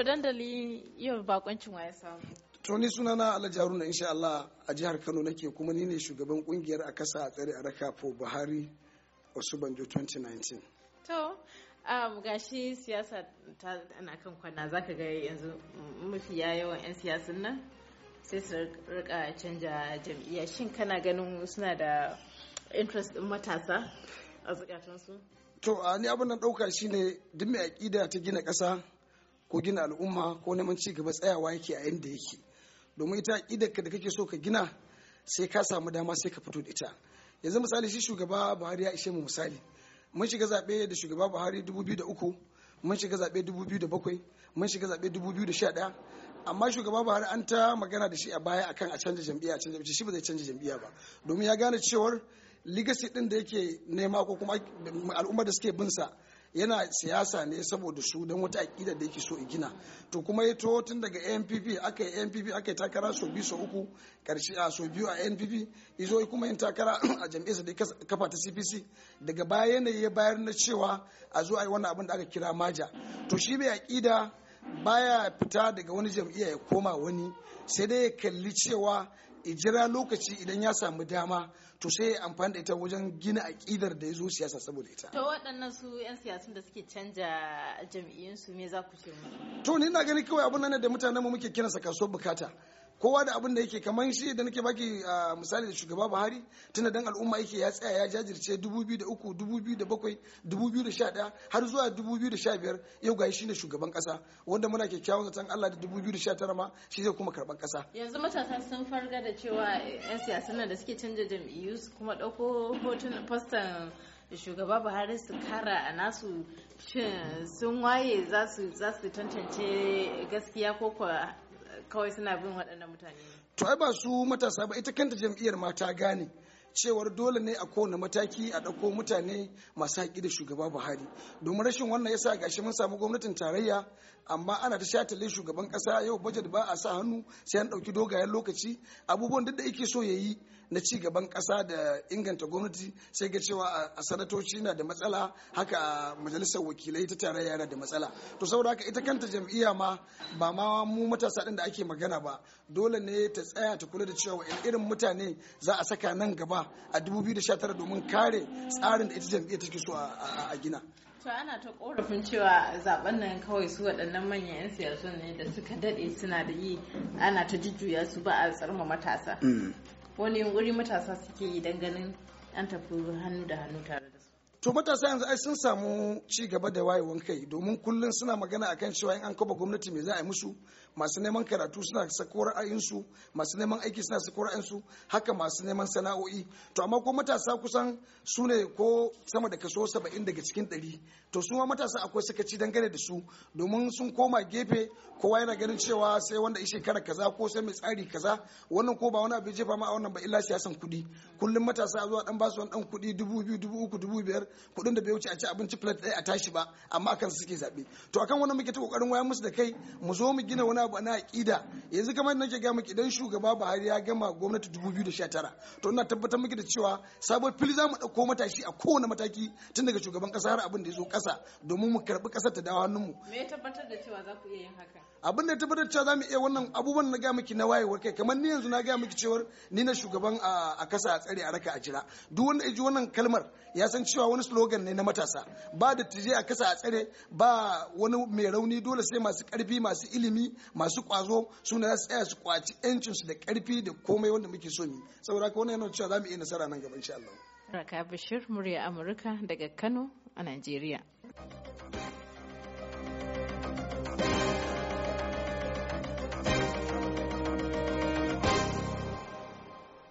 To dandali yau bakoncin waya samu. toni suna sunana alajaruna na insha Allah a jihar Kano nake kuma ni shugaban kungiyar a kasa a tsare a raka po Buhari Osubanjo 2019. To um, gashi siyasa ta ana kan kwana zaka ga yanzu mafi yawan 'yan siyasan nan sai su rika canja jam'iyya shin kana ganin suna da interest din matasa a su? To ni abin da ɗauka shine duk mai aƙida ta gina ƙasa ko gina al'umma ko neman ci gaba tsayawa yake a inda yake domin ita aƙidarka da kake so ka gina sai ka samu dama sai ka fito da ita yanzu misali shi shugaba buhari ya ishe mu misali mun shiga zaɓe da shugaba buhari 2003 mun shiga zaɓe 2007 mun shiga zaɓe 2011 amma shugaba buhari an ta magana da shi a baya akan a canza jam'iyya a canza jam'iyya shi ba zai canza jam'iyya ba domin ya gane cewar legacy din da yake nema ko kuma al'ummar da suke binsa yana siyasa ne saboda su don wata aƙida da yake so i gina to kuma ya to tun daga npp aka yi npp aka yi takara sau biyu sau uku karshe a sau biyu a npp izo kuma yin takara a jam'iyyarsa da kafa ta cpc daga baya yanayi ya bayar na cewa a zo a yi wannan abin da aka kira maja to shi bai aƙida baya fita daga wani jam'iyya ya koma wani sai dai ya kalli cewa ijira lokaci idan ya samu dama to sai ya amfani da ita wajen gina aƙidar da ya zo siyasa saboda ita. To waɗannan su 'yan siyasun da suke canja su me za ku ce musu? To ni na gani kawai abin nan da mu muke kiransa kasuwar bukata. kowa da abin da yake kamar shi da nake baki misali da shugaba buhari tunda dan al'umma yake ya tsaya ya jajirce 2003 2007 2011 har zuwa 2015 yau gashi shine shugaban kasa wanda muna kyakkyawan zaton Allah da 2019 ma shi zai kuma karban kasa yanzu matasa sun farga da cewa yan siyasa nan da suke canja jam'iyyu su kuma dauko hotunan fastan shugaba buhari su kara a nasu sun waye za su tantance gaskiya ko kawai suna bin waɗannan mutane to ai ba su matasa ba ita kanta jam'iyyar mata gane cewar dole ne a kowane mataki a ɗauko mutane masu haƙi da shugaba buhari domin rashin wannan yasa gashi mun samu gwamnatin tarayya amma ana ta shatale shugaban ƙasa yau bajet ba a sa hannu sai an ɗauki dogayen lokaci abubuwan duk da yake so ya yi na ci gaban ƙasa da inganta gwamnati sai ga cewa a sanatoci na da matsala haka a majalisar wakilai ta tarayya na da matsala to saboda haka ita kanta jam'iyya ma ba ma mu matasa ɗin da ake magana ba dole ne ta tsaya ta kula da cewa irin mutane za a saka nan gaba a 2019 domin kare tsarin da ita jam'iyyar take so a gina to ana ta korafin cewa zaben nan kawai su waɗannan manyan 'yan siyasa ne da suka daɗe suna da yi ana ta jujjuya su ba a tsarma matasa mm. wani yunguri matasa suke yi don ganin an tafi hannu da hannu tare da su to matasa yanzu ai sun samu ci gaba da wayewan kai domin kullum suna magana akan cewa in an kafa gwamnati me za a yi musu masu neman karatu suna sako ra'ayinsu masu neman aiki suna sako ra'ayinsu haka masu neman sana'o'i to amma ko matasa kusan su ne ko sama da kaso saba'in daga cikin ɗari to su ma matasa akwai sakaci dangane da su domin sun koma gefe kowa yana ganin cewa sai wanda ya shekara kaza ko sai mai tsari kaza wannan ko ba wani abu jefa ma a wannan ba illa siyasan kuɗi kullum matasa a zuwa dan basu wani dan kuɗi dubu biyu dubu uku dubu kuɗin da bai wuce a ci abinci plat ɗaya a tashi ba amma akan suke zaɓe to akan wannan muke ta ƙoƙarin waya musu da kai mu zo mu gina wani abu na aƙida yanzu kamar nake ga miki idan shugaba Buhari ya gama gwamnati 2019 to ina tabbatar miki da cewa sabon fili za mu ɗauko matashi a kowane mataki tun daga shugaban ƙasa har abin da ya zo ƙasa domin mu karɓi ƙasar ta dawo hannunmu. Me ya tabbatar da cewa za ku iya yin haka? Abin da ya tabbatar cewa za mu iya wannan abubuwan na ga miki na wayewar kai kamar ni yanzu na ga miki cewar ni na shugaban a kasa a tsare a raka a jira duk wanda ya wannan kalmar ya san cewa wani wani slogan ne na matasa ba da tije a kasa a tsare ba wani mai rauni dole sai masu karfi masu ilimi masu kwazo suna za su tsaya su kwaci yancin da karfi da komai wanda muke so mu saboda haka wannan yana cewa za mu iya nasara nan gaba insha Allah Raka Bashir murya Amurka daga Kano a Najeriya